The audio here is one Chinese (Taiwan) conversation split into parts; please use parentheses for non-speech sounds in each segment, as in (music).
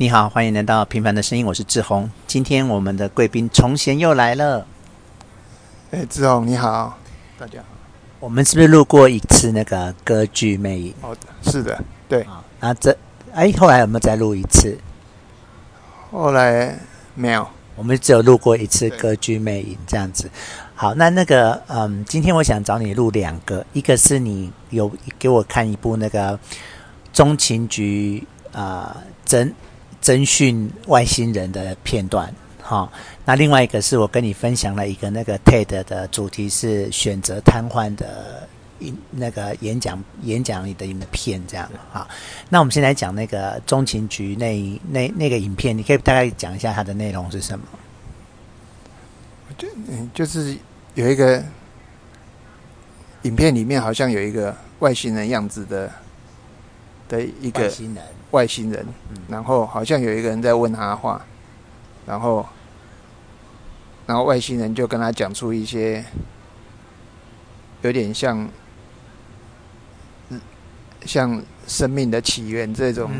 你好，歡迎來到平凡的聲音，我是志宏。今天我們的貴賓崇賢又來了。誒、欸，志宏你好，大家好。我們是不是錄過一次那個歌劇魅影？哦，是的，對啊。那這哎，後來有沒有再錄一次？後來沒有，我們只有錄過一次歌劇魅影對這樣子。好，那那個嗯，今天我想找你錄兩個，一個是你有給我看一部那個中情局啊、呃、真。徵詢外星人的片段，好。那另外一個是我跟你分享了一個那個 TED 的主題是選擇癱瘓的影那個演講演講裡的影片，這樣。好，那我們先來講那個中情局那那那個影片，你可以大概講一下它的內容是什麼？就嗯，就是有一個影片裡面好像有一個外星人樣子的的一個。外星人。外星人，然後好像有一個人在問他話，然後，然後外星人就跟他講出一些有點像，像生命的起源這種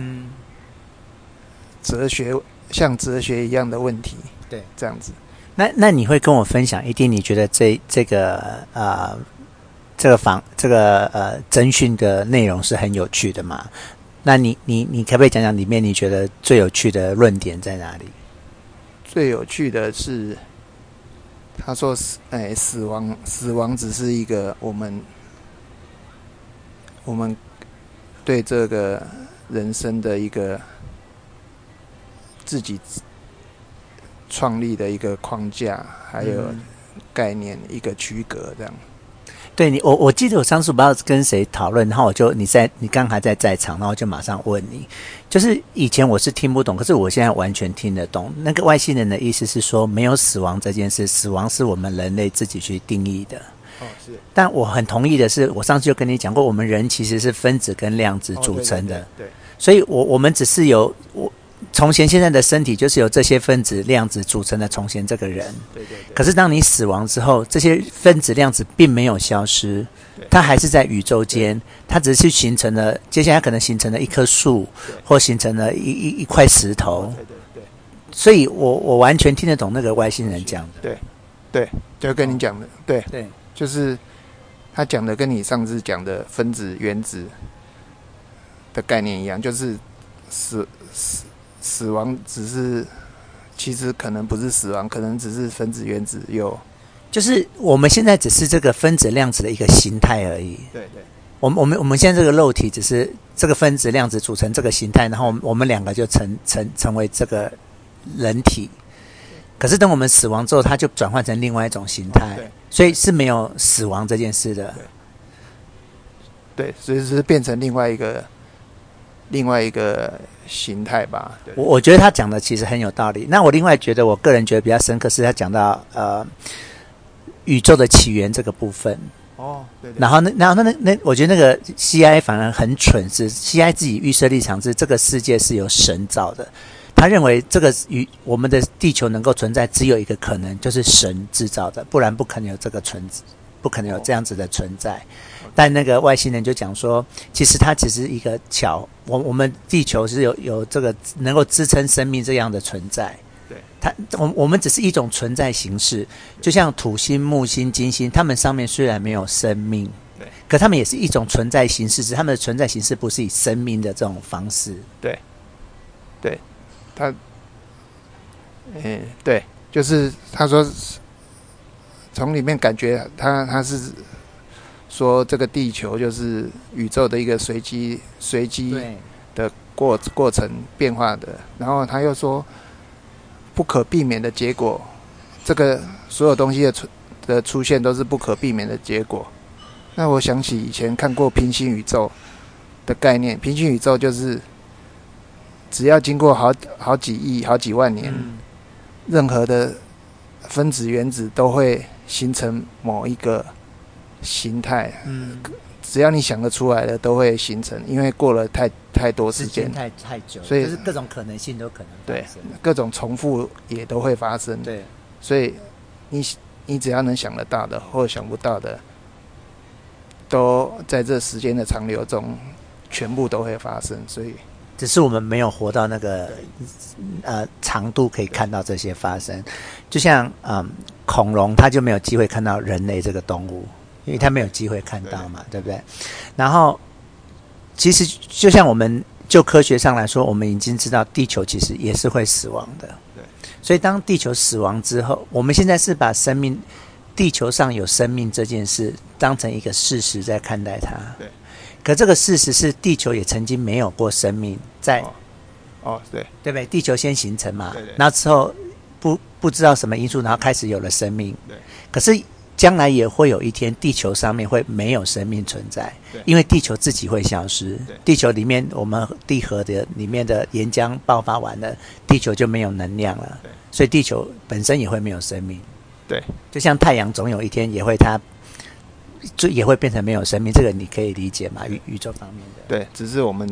哲學，像哲學一樣的問題。對，這樣子。那那你會跟我分享？一定你覺得這這個啊，這個房、呃、這個、這個、呃偵訊的內容是很有趣的嗎？那你你你可不可以講講裡面你覺得最有趣的論點在哪裡？最有趣的是，他說，哎，死亡，死亡只是一個我們我們對這個人生的一個自己創立的一個框架，嗯、還有概念，一個區隔這樣。對你，我我記得我上次不知道跟誰討論，然後我就你在你剛還在在場，然後我就馬上問你，就是以前我是聽不懂，可是我現在完全聽得懂。那個外星人的意思是說，沒有死亡這件事，死亡是我們人類自己去定義的。哦、是的。但我很同意的是，我上次就跟你講過，我們人其實是分子跟量子組成的。哦、對，對，對。對。所以我我們只是有。我。從前現在的身體就是由這些分子量子組成的。從前這個人，可是當你死亡之後，這些分子量子並沒有消失，它還是在宇宙間，它只是去形成了接下來可能形成了一棵樹，或形成了一一一塊石頭。所以我我完全聽得懂那個外星人講的，對對，就跟你講的，對對，就是他講的跟你上次講的分子原子的概念一樣，就是是是。死死亡只是，其實可能不是死亡，可能只是分子原子有，就是我們現在只是這個分子量子的一個形態而已。對對，我，我們我們我們現在這個肉體只是這個分子量子組成這個形態，然後我們，我們兩個就成成成為這個人體。對。可是等我們死亡之後，它就轉換成另外一種形態，哦，所以是沒有死亡這件事的。對，對，所以就是變成另外一個。另外一個形態吧，對對，我我覺得他講的其實很有道理。那我另外覺得，我個人覺得比較深刻是他講到呃宇宙的起源這個部分。哦，對，對。然後那然後那那那，我覺得那個 C.I. 反而很蠢，是 C.I. 自己預設立場，是這個世界是由神造的。他認為這個與我們的地球能夠存在，只有一個可能就是神制造的，不然不可能有這個存，不可能有這樣子的存在。哦。但那個外星人就講說，其實它只是一個橋，我我們地球是有有這個能夠支撐生命這樣的存在。對。它。我我們只是一種存在形式，就像土星、木星、金星，它們上面雖然沒有生命，對，可他們也是一種存在形式，是他們的存在形式不是以生命的這種方式。對。對。他，嗯、欸，對，就是他說，從裡面感覺他他是。說這個地球就是宇宙的一個隨機隨機的過過程變化的，然後他又說不可避免的結果，這個所有東西的出的出現都是不可避免的結果。那我想起以前看過平行宇宙的概念，平行宇宙就是只要經過好好幾億好幾萬年，任何的分子原子都會形成某一個。形態，嗯，只要你想得出來的都會形成，因為過了太太多時間，時間太太久，所以就是各種可能性都可能，對，各種重複也都會發生，對，所以你你只要能想得到的或想不到的，都在這時間的長流中，全部都會發生，所以只是我們沒有活到那個對呃長度，可以看到這些發生，就像嗯，恐龍它就沒有機會看到人類這個動物。因為他沒有機會看到嘛，嗯，對，對，對不對？然後，其實就像我們就科學上來說，我們已經知道地球其實也是會死亡的。對。所以，當地球死亡之後，我們現在是把生命，地球上有生命這件事當成一個事實在看待它。對。可這個事實是，地球也曾經沒有過生命在哦。哦，對。對不對？地球先形成嘛。那然後之後，不不知道什麼因素，然後開始有了生命。對。可是。將來也會有一天，地球上面會沒有生命存在，對因為地球自己會消失。對地球裡面，我們地核的裡面的岩漿爆發完了，地球就沒有能量了，對所以地球本身也會沒有生命。對，就像太陽，總有一天也會它，就也會變成沒有生命。這個你可以理解嗎？對宇宇宙方面的，對，只是我們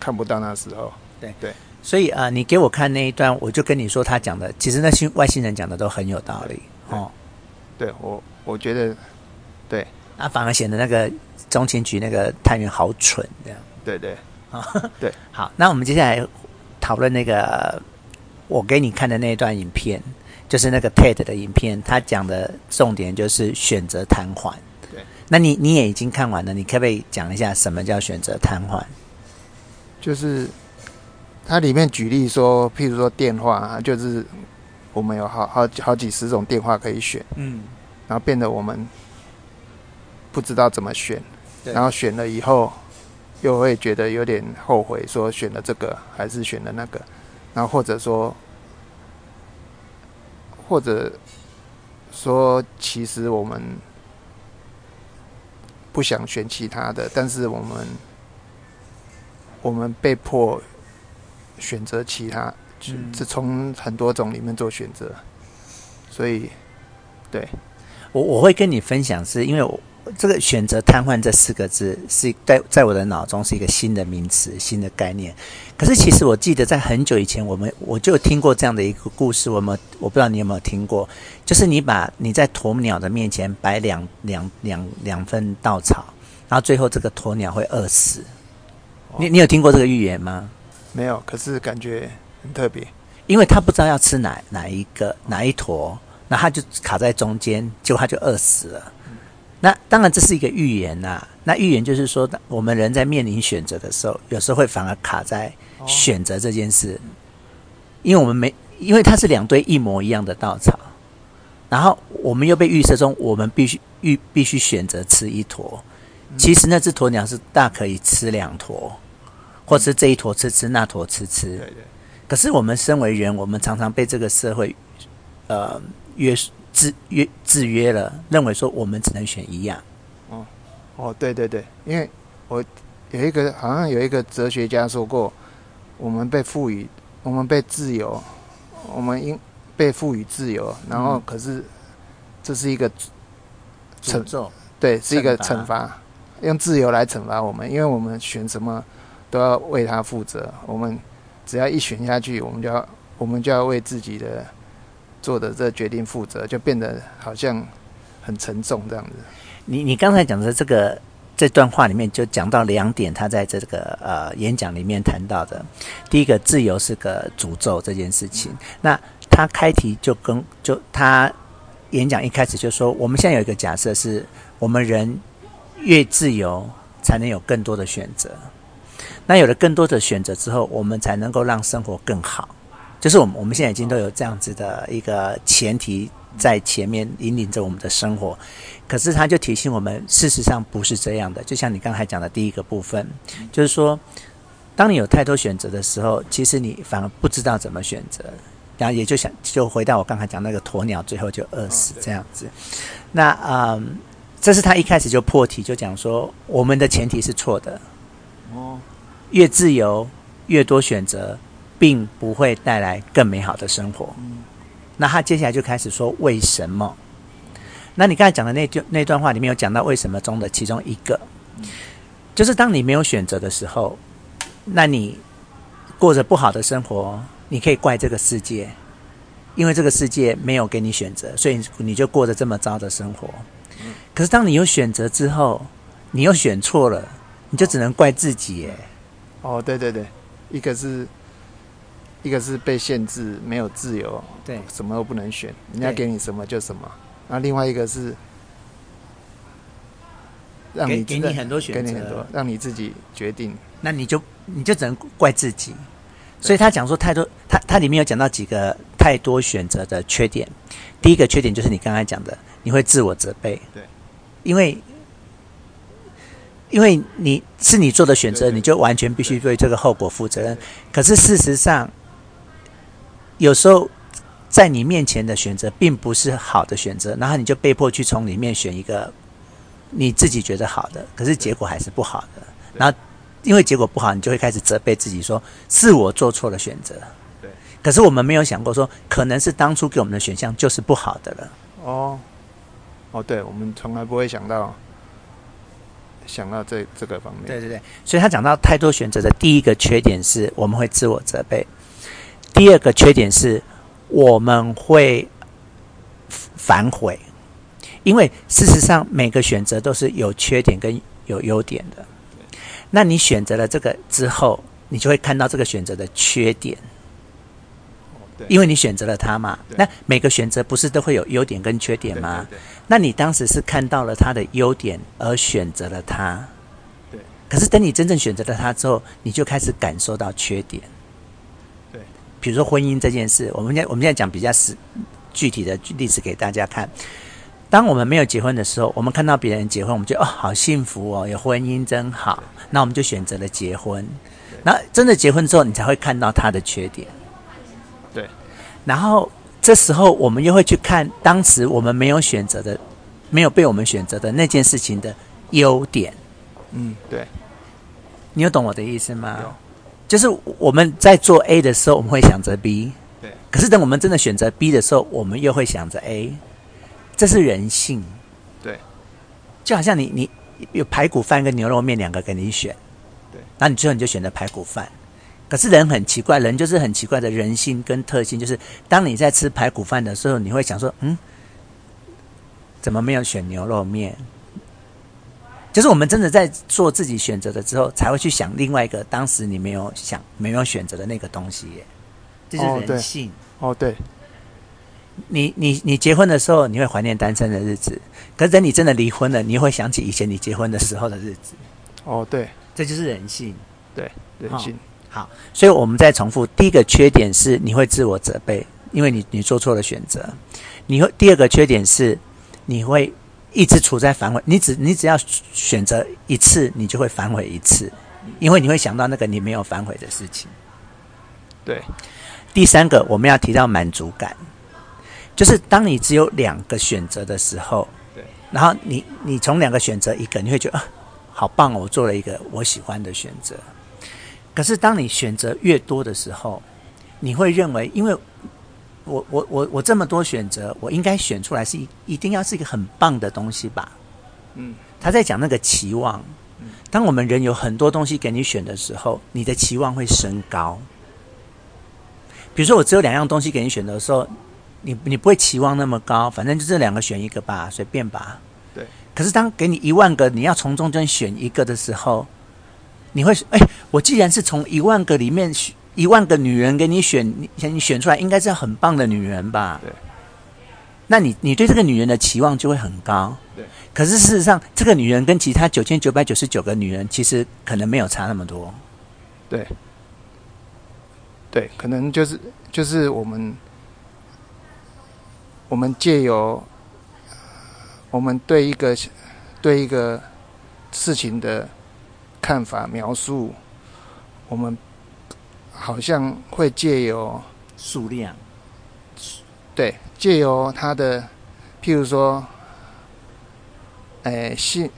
看不到那時候。對對，對所以啊，你給我看那一段，我就跟你說，他講的其實那些外星人講的都很有道理哦。對我，我覺得，對，啊、反而顯得那個中情局那個探員好蠢這樣。對對啊， (laughs) 對。好，那我們接下來討論那個我給你看的那一段影片，就是那個 TED 的影片，他講的重點就是選擇癱瘓。對，那你你也已經看完了，你可不可以講一下什麼叫選擇癱瘓？就是它裡面舉例說，譬如說電話，就是。我們有好好好幾十種電話可以選，嗯，然後變得我們不知道怎麼選，對然後選了以後又會覺得有點後悔，說選了這個還是選了那個，然後或者說或者說其實我們不想選其他的，但是我們我們被迫選擇其他。只從、嗯、很多種裡面做選擇，所以，對我我會跟你分享是，是因為我這個“選擇癱瘓”這四個字是在在我的腦中是一個新的名詞、新的概念。可是，其實我記得在很久以前我，我們我就聽過這樣的一個故事，我們我不知道你有沒有聽過，就是你把你在鴕鳥的面前擺兩兩兩兩份稻草，然後最後這個鴕鳥會餓死。哦、你你有聽過這個寓言嗎？沒有，可是感覺。很特別，因為他不知道要吃哪哪一個哪一坨，那他就卡在中間，結果他就餓死了。那當然這是一個寓言吶、啊。那寓言就是說，我們人在面臨選擇的時候，有時候會反而卡在選擇這件事，哦、因為我們沒，因為它是兩堆一模一樣的稻草，然後我們又被預設中，我們必須預必須選擇吃一坨。嗯、其實那只鴕鳥是大可以吃兩坨，或是這一坨吃吃，那坨吃吃。對對可是我們身為人，我們常常被這個社會，呃，約束、制、約、制約了，認為說我們只能選一樣。哦，哦，對對對，因為我有一個好像有一個哲學家說過，我們被賦予，我們被自由，我們應被賦予自由，然後可是這是一個，懲重、嗯，對，是一個懲罰，懲罰用自由來懲罰我們，因為我們選什麼都要為他負責，我們。只要一選下去，我們就要我們就要為自己的做的這決定負責，就變得好像很沉重這樣子。你你剛才講的這個這段話裡面，就講到兩點，他在這個呃演講裡面談到的。第一個，自由是個詛咒這件事情。那他開題就跟就他演講一開始就說，我們現在有一個假設，是我們人越自由，才能有更多的選擇。那有了更多的選擇之後，我們才能夠讓生活更好。就是我們我們現在已經都有這樣子的一個前提在前面引領着我們的生活。可是，他就提醒我們，事實上不是這樣的。就像你剛才講的第一個部分，就是說，當你有太多選擇的時候，其實你反而不知道怎麼選擇，然後也就想就回到我剛才講那個鴕鳥，最後就餓死這樣子。那嗯，這是他一開始就破題，就講說，我們的前提是錯的。哦。越自由，越多選擇，並不會帶來更美好的生活。嗯、那他接下來就開始說為什麼？那你剛才講的那句那段話裡面有講到為什麼中的其中一個，嗯、就是當你沒有選擇的時候，那你過着不好的生活，你可以怪這個世界，因為這個世界沒有給你選擇，所以你就過着這麼糟的生活。嗯、可是當你有選擇之後，你又選錯了，你就只能怪自己耶。哦，對對對，一個是一個是被限制，沒有自由，對，什麼都不能選，人家給你什麼就什麼。那對另外一個是讓你給,給你很多選擇，給你很多，讓你自己決定。那你就你就只能怪自己。對所以他講說太多，他他裡面有講到幾個太多選擇的缺點。第一個缺點就是你剛才講的，你會自我責備，對，因為。因為你是你做的選擇，對對，你就完全必須對這個後果負責任。對對對，可是事實上，有時候在你面前的選擇並不是好的選擇，然後你就被迫去從裡面選一個你自己覺得好的，可是結果還是不好的。對，然後因為結果不好，你就會開始責備自己說，說是我做錯了選擇。對。可是我們沒有想過說，說可能是當初給我們的選項就是不好的了。哦，哦，對，我們從來不會想到。想到這這個方面，對對對，所以他講到太多選擇的第一個缺點是我們會自我責備，第二個缺點是我們會反悔，因為事實上每個選擇都是有缺點跟有優點的。對那你選擇了這個之後，你就會看到這個選擇的缺點。因為你選擇了他嘛，那每個選擇不是都會有優點跟缺點嗎？那你當時是看到了他的優點而選擇了他，對。可是等你真正選擇了他之後，你就開始感受到缺點。對。比如說婚姻這件事，我們現在我們現在講比較實具體的例子給大家看。當我們沒有結婚的時候，我們看到別人結婚，我們覺得，哦，好幸福哦，有婚姻真好，那我們就選擇了結婚。那真的結婚之後，你才會看到他的缺點。然後這時候，我們又會去看當時我們沒有選擇的、沒有被我們選擇的那件事情的優點。嗯，對，你有懂我的意思嗎？有就是我們在做 A 的時候，我們會想着 B。對。可是等我們真的選擇 B 的時候，我們又會想着 A。這是人性。對。就好像你你有排骨飯跟牛肉麵兩個給你選，對，然後你最後你就選擇排骨飯。可是人很奇怪，人就是很奇怪的人性跟特性，就是當你在吃排骨飯的時候，你會想說，嗯，怎麼沒有選牛肉麵？就是我們真的在做自己選擇的時候，才會去想另外一個當時你沒有想、沒有選擇的那個東西耶，這就是人性哦，oh, 對。Oh, 對。你你你結婚的時候，你會懷念單身的日子，可是等你真的離婚了，你會想起以前你結婚的時候的日子。哦，oh, 對，這就是人性。對，人性。好，所以我們再重複。第一個缺點是你會自我責備，因為你你做錯了選擇。你會第二個缺點是，你會一直處在反悔。你只你只要選擇一次，你就會反悔一次，因為你會想到那個你沒有反悔的事情。對。第三個我們要提到滿足感，就是當你只有兩個選擇的時候，對。然後你你從兩個選擇一個，你會覺得，啊，好棒哦，我做了一個我喜歡的選擇。可是，當你選擇越多的時候，你會認為，因為我我我我這麼多選擇，我應該選出來是一一定要是一個很棒的東西吧？嗯，他在講那個期望。嗯，當我們人有很多東西給你選的時候，你的期望會升高。比如說，我只有兩樣東西給你選擇的時候，你你不會期望那麼高，反正就這兩個選一個吧，隨便吧。對。可是，當給你一萬個，你要從中間選一個的時候，你會說，哎，我既然是從一萬個裡面選一萬個女人給你選，你選出來應該是很棒的女人吧？對。那你你對這個女人的期望就會很高。對。可是事實上，這個女人跟其他九千九百九十九個女人其實可能沒有差那麼多。對。對，可能就是就是我們我們借由我們對一個對一個事情的。看法描述，我們好像會借由數量，對，借由他的，譬如說，誒、欸、幸，誒、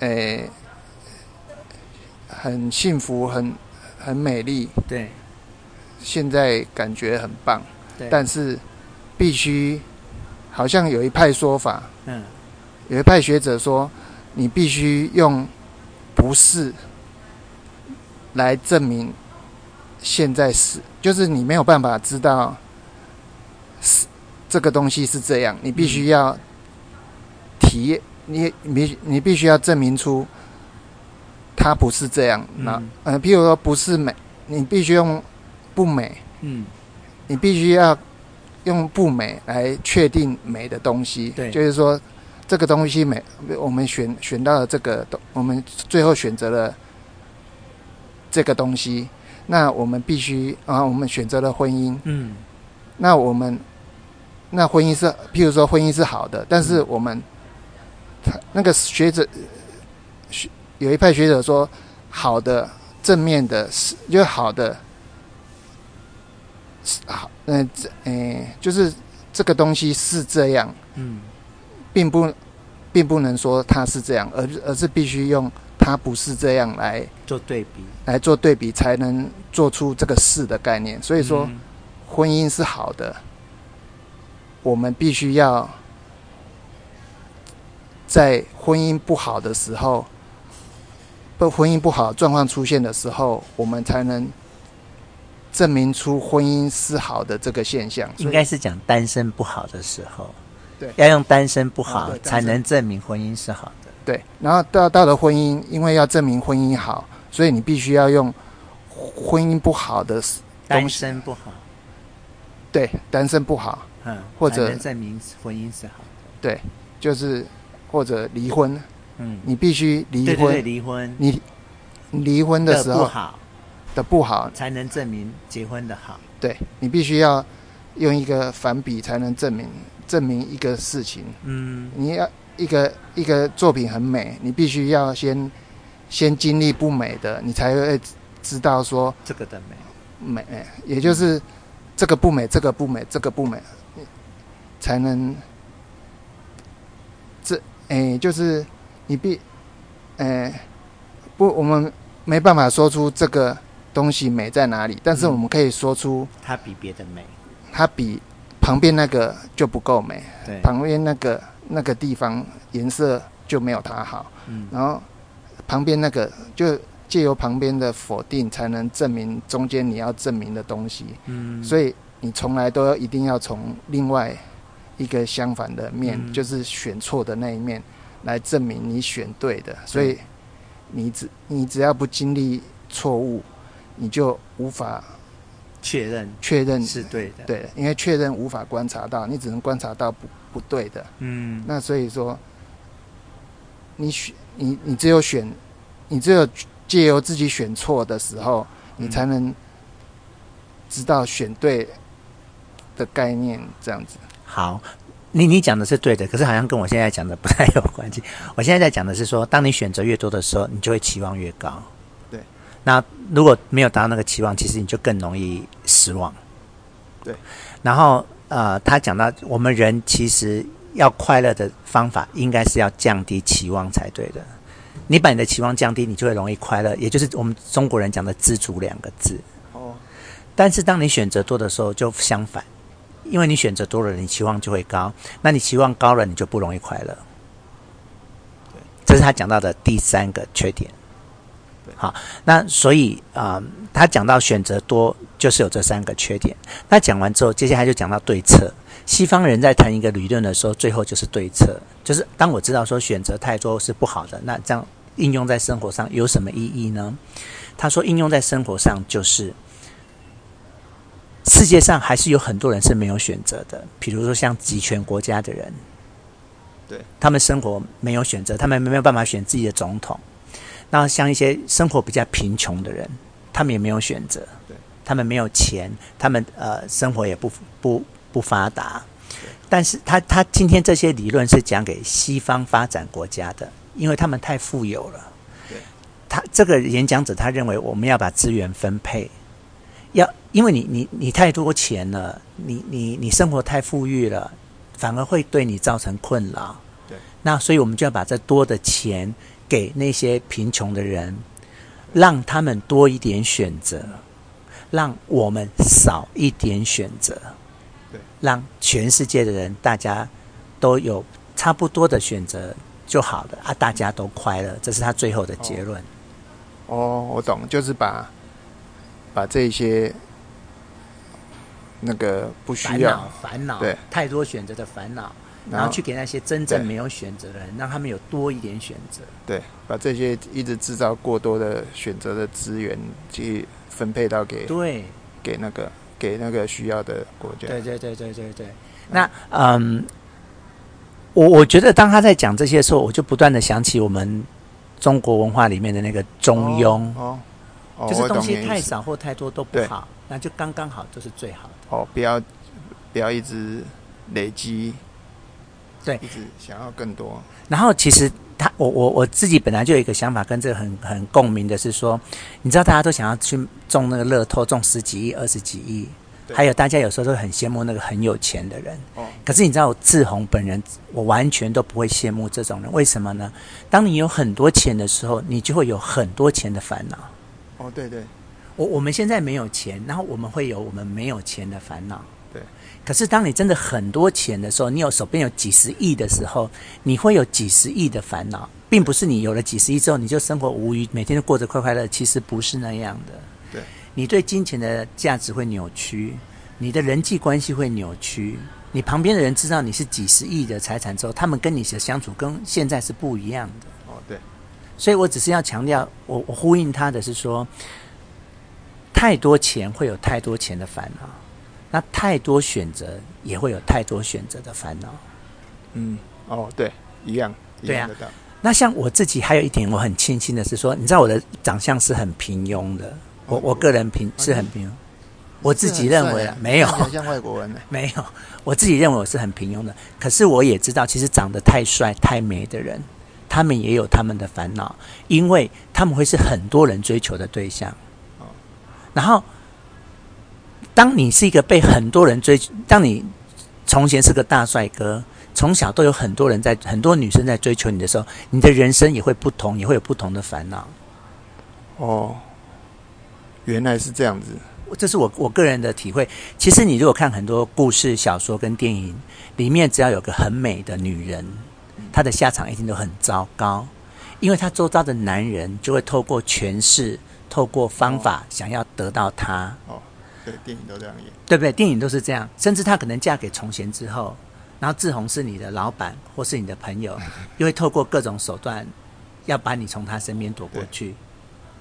欸，很幸福，很很美麗，對，現在感覺很棒，對但是必須，好像有一派說法，嗯，有一派學者說，你必須用。不是，來證明現在是，就是你沒有辦法知道是這個東西是這樣，你必須要提，你你必你必須要證明出它不是這樣。那，嗯呃，譬如說不是美，你必須用不美，嗯，你必須要用不美來確定美的東西，對，就是說。這個東西沒，我們選選到了這個東，我們最後選擇了這個東西。那我們必須啊，我們選擇了婚姻。嗯。那我們，那婚姻是，譬如說婚姻是好的，但是我們，他那個學者，學有一派學者說，好的正面的，就好的，是好，嗯、呃，這誒，就是這個東西是這樣。嗯。並不，並不能說他是這樣，而而是必須用他不是這樣來做對比，來做對比才能做出這個是的概念。所以說，嗯、婚姻是好的，我們必須要在婚姻不好的時候，不婚姻不好狀況出現的時候，我們才能證明出婚姻是好的這個現象。應該是講單身不好的時候。對要用單身不好、啊、單身才能證明婚姻是好的。對，然後到到了婚姻，因為要證明婚姻好，所以你必須要用婚姻不好的單身不好。對，單身不好。嗯。或者才能證明婚姻是好。對，就是或者離婚。嗯。你必須離婚。對對，離婚。你離婚的時候好，的不好才能證明結婚的好。對，你必須要用一個反比才能證明。證明一個事情，嗯，你要一個一個作品很美，你必須要先先經歷不美的，你才會知道說這個的美美，也就是這個不美，這個不美，這個不美，才能這哎，就是你必，哎，不，我們沒辦法說出這個東西美在哪裡，但是我們可以說出它，嗯、比別的美，它比。旁邊那個就不夠美，對旁邊那個那個地方顏色就沒有它好，嗯，然後旁邊那個就借由旁邊的否定，才能證明中間你要證明的東西，嗯，所以你從來都要一定要從另外一個相反的面，嗯、就是選錯的那一面來證明你選對的，嗯、所以你只你只要不經歷錯誤，你就無法。確認，確認是對的。對，因為確認無法觀察到，你只能觀察到不不對的。嗯，那所以說，你選你你只有選，你只有借由自己選錯的時候，你才能知道選對的概念。這樣子。好，你你講的是對的，可是好像跟我現在講的不太有關係。我現在在講的是說，當你選擇越多的時候，你就會期望越高。那如果沒有達到那個期望，其實你就更容易失望。對。然後，呃，他講到，我們人其實要快樂的方法，應該是要降低期望才對的。你把你的期望降低，你就會容易快樂。也就是我們中國人講的“知足”兩個字。哦。但是，當你選擇多的時候，就相反，因為你選擇多了，你期望就會高。那你期望高了，你就不容易快樂。對。這是他講到的第三個缺點。對好，那所以啊、呃，他講到選擇多就是有這三個缺點。那講完之後，接下來就講到對策。西方人在談一個理論的時候，最後就是對策，就是當我知道說選擇太多是不好的，那這樣應用在生活上有什麼意義呢？他說，應用在生活上就是世界上還是有很多人是沒有選擇的，比如說像極權國家的人，對他們生活沒有選擇，他們沒有辦法選自己的總統。那像一些生活比較貧窮的人，他們也沒有選擇，對他們沒有錢，他們呃生活也不不不發達。對但是他他今天這些理論是講給西方發展國家的，因為他們太富有了。對他這個演講者他認為我們要把資源分配，要因為你你你太多錢了，你你你生活太富裕了，反而會對你造成困擾。對，那所以我們就要把這多的錢。給那些貧窮的人，讓他們多一點選擇，讓我們少一點選擇，讓全世界的人大家都有差不多的選擇就好了啊！大家都快樂，這是他最後的結論。哦，哦，我懂，就是把把這些那個不需要煩惱，煩惱對，太多選擇的煩惱。然後，然後去給那些真正沒有選擇的人，對讓他們有多一點選擇。對，把這些一直制造過多的選擇的資源去分配到給對給那個給那個需要的國家。對對對對對對。嗯那嗯，我我覺得當他在講這些時候，我就不斷的想起我們中國文化裡面的那個中庸，哦，哦哦，就是東西太少或太多都不好，那就剛剛好就是最好的。哦，不要不要一直累積。對，一直想要更多。然後其實他，我我我自己本來就有一個想法，跟這個很很共鳴的是說，你知道大家都想要去中那個樂透，中十幾億、二十幾億，對還有大家有時候都很羨慕那個很有錢的人。哦。可是你知道，志宏本人，我完全都不會羨慕這種人。為什麼呢？當你有很多錢的時候，你就會有很多錢的煩惱。哦，對對。我我們現在沒有錢，然後我們會有我們沒有錢的煩惱。可是，當你真的很多錢的時候，你有手邊有幾十億的時候，你會有幾十億的煩惱，並不是你有了幾十億之後你就生活無虞，每天都過着快快樂樂。其實不是那樣的。對，你對金錢的價值會扭曲，你的人際關係會扭曲。你旁邊的人知道你是幾十億的財產之後，他們跟你的相處跟現在是不一樣的。哦，對。所以我只是要強調，我我呼應他的是說，太多錢會有太多錢的煩惱。那太多選擇也會有太多選擇的煩惱。嗯，哦，對，一樣，一樣的、嗯。對啊。那像我自己還有一點我很慶幸的是說，你知道我的長相是很平庸的，oh, 我我個人平、啊、是很平庸，我自己認為、啊、沒有好像外國人，沒有，我自己認為我是很平庸的。可是我也知道，其實長得太帥太美的人，他們也有他們的煩惱，因為他們會是很多人追求的對象。哦，oh. 然後。當你是一個被很多人追，當你從前是個大帥哥，從小都有很多人，在很多女生在追求你的時候，你的人生也會不同，也會有不同的煩惱。哦，原來是這樣子，這是我我個人的體會。其實你如果看很多故事小說跟電影裡面，只要有個很美的女人，她的下場一定都很糟糕，因為她周遭的男人就會透過權勢、透過方法想要得到她。哦。哦。對，電影都這樣演，對不對？電影都是這樣，甚至他可能嫁給崇賢之後，然後志宏是你的老闆或是你的朋友， (laughs) 又會透過各種手段要把你從他身邊躲過去。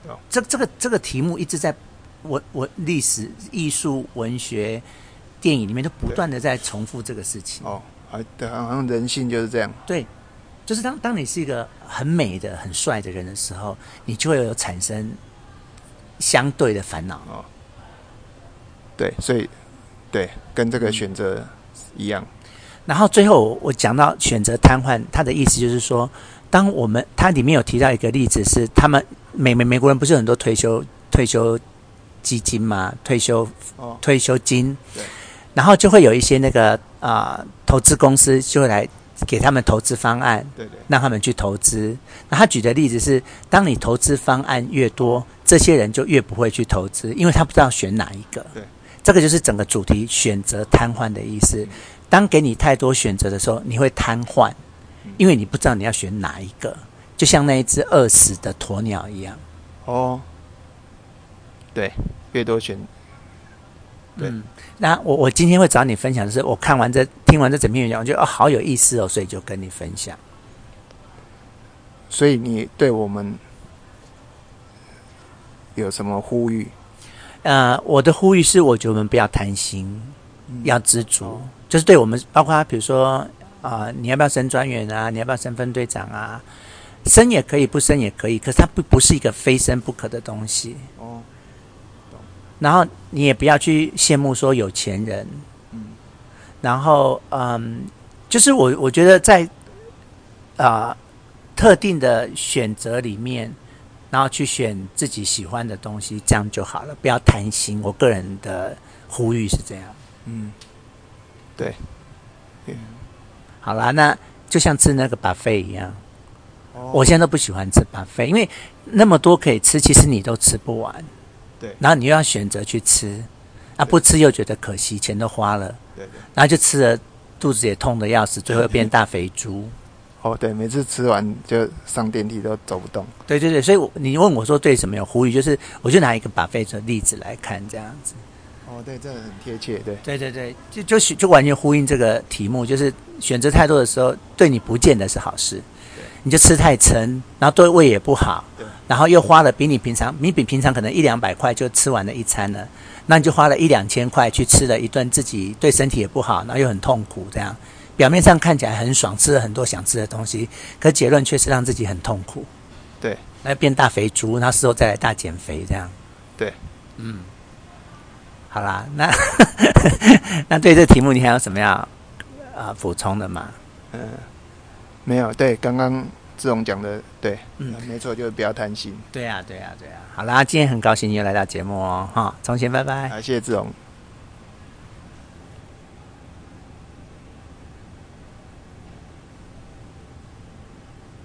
哦、這這個這個題目一直在我我歷史、藝術、文學、電影裡面都不斷的在重複這個事情。哦，好像人性就是這樣。對，就是當當你是一個很美的、很帥的人的時候，你就會有產生相對的煩惱。哦對，所以，對，跟這個選擇一樣。然後最後我，我講到選擇癱瘓，他的意思就是說，當我們他裡面有提到一個例子是，他們美美美國人不是很多退休退休基金嘛，退休、哦、退休金，對然後就會有一些那個啊、呃、投資公司就會來給他們投資方案，對對，讓他們去投資。那他舉的例子是，當你投資方案越多，這些人就越不會去投資，因為他不知道選哪一個。對。這個就是整個主題選擇癱瘓的意思。當給你太多選擇的時候，你會癱瘓，因為你不知道你要選哪一個，就像那一隻餓死的鴕鳥一樣。哦，對，越多選，對。嗯，那我我今天會找你分享的是，我看完這聽完這整篇演講，我覺得哦，好有意思哦，所以就跟你分享。所以你對我們有什麼呼籲？呃，我的呼籲是，我覺得我們不要貪心，嗯、要知足。哦、就是對我們，包括他比如說啊、呃，你要不要升專員啊？你要不要升分隊長啊？升也可以，不升也可以。可是它不不是一個非升不可的東西。哦、懂。然後你也不要去羨慕說有錢人。嗯、然後，嗯，就是我我覺得在啊、呃、特定的選擇裡面。然後去選自己喜歡的東西，這樣就好了。不要貪心，我個人的呼籲是這樣。嗯，對，嗯，好啦。那就像吃那個巴菲一樣，哦、我現在都不喜歡吃巴菲，因為那麼多可以吃，其實你都吃不完。對。然後你又要選擇去吃，那、啊、不吃又覺得可惜，對錢都花了。對，對。然後就吃了，肚子也痛得要死，最後變大肥豬。哦，oh, 對，每次吃完就上電梯都走不動。對對對，所以你問我說對什麼有呼應，就是，我就拿一個 buffet 的例子來看，這樣子。哦，oh, 對，真的很貼切，對。對對對，就就就完全呼應這個題目，就是選擇太多的時候，對你不見得是好事。對。你就吃太撐，然後對胃也不好。對。然後又花了比你平常，比你比平常可能一兩百塊就吃完了一餐了，那你就花了一兩千塊去吃了一頓，自己對身體也不好，然後又很痛苦這樣。表面上看起來很爽，吃了很多想吃的東西，可結論卻是讓自己很痛苦。對，那變大肥豬，那時候再來大減肥這樣。對，嗯，好啦，那 (laughs) 那對這個題目你還有什麼要啊補、呃、充的嗎？嗯、呃，沒有。對，剛剛志榮講的對，嗯，沒錯，就是不要貪心。對啊，對啊，對啊。好啦，今天很高興你又來到節目哦、喔，好，重新拜拜，感、啊、謝,謝志榮。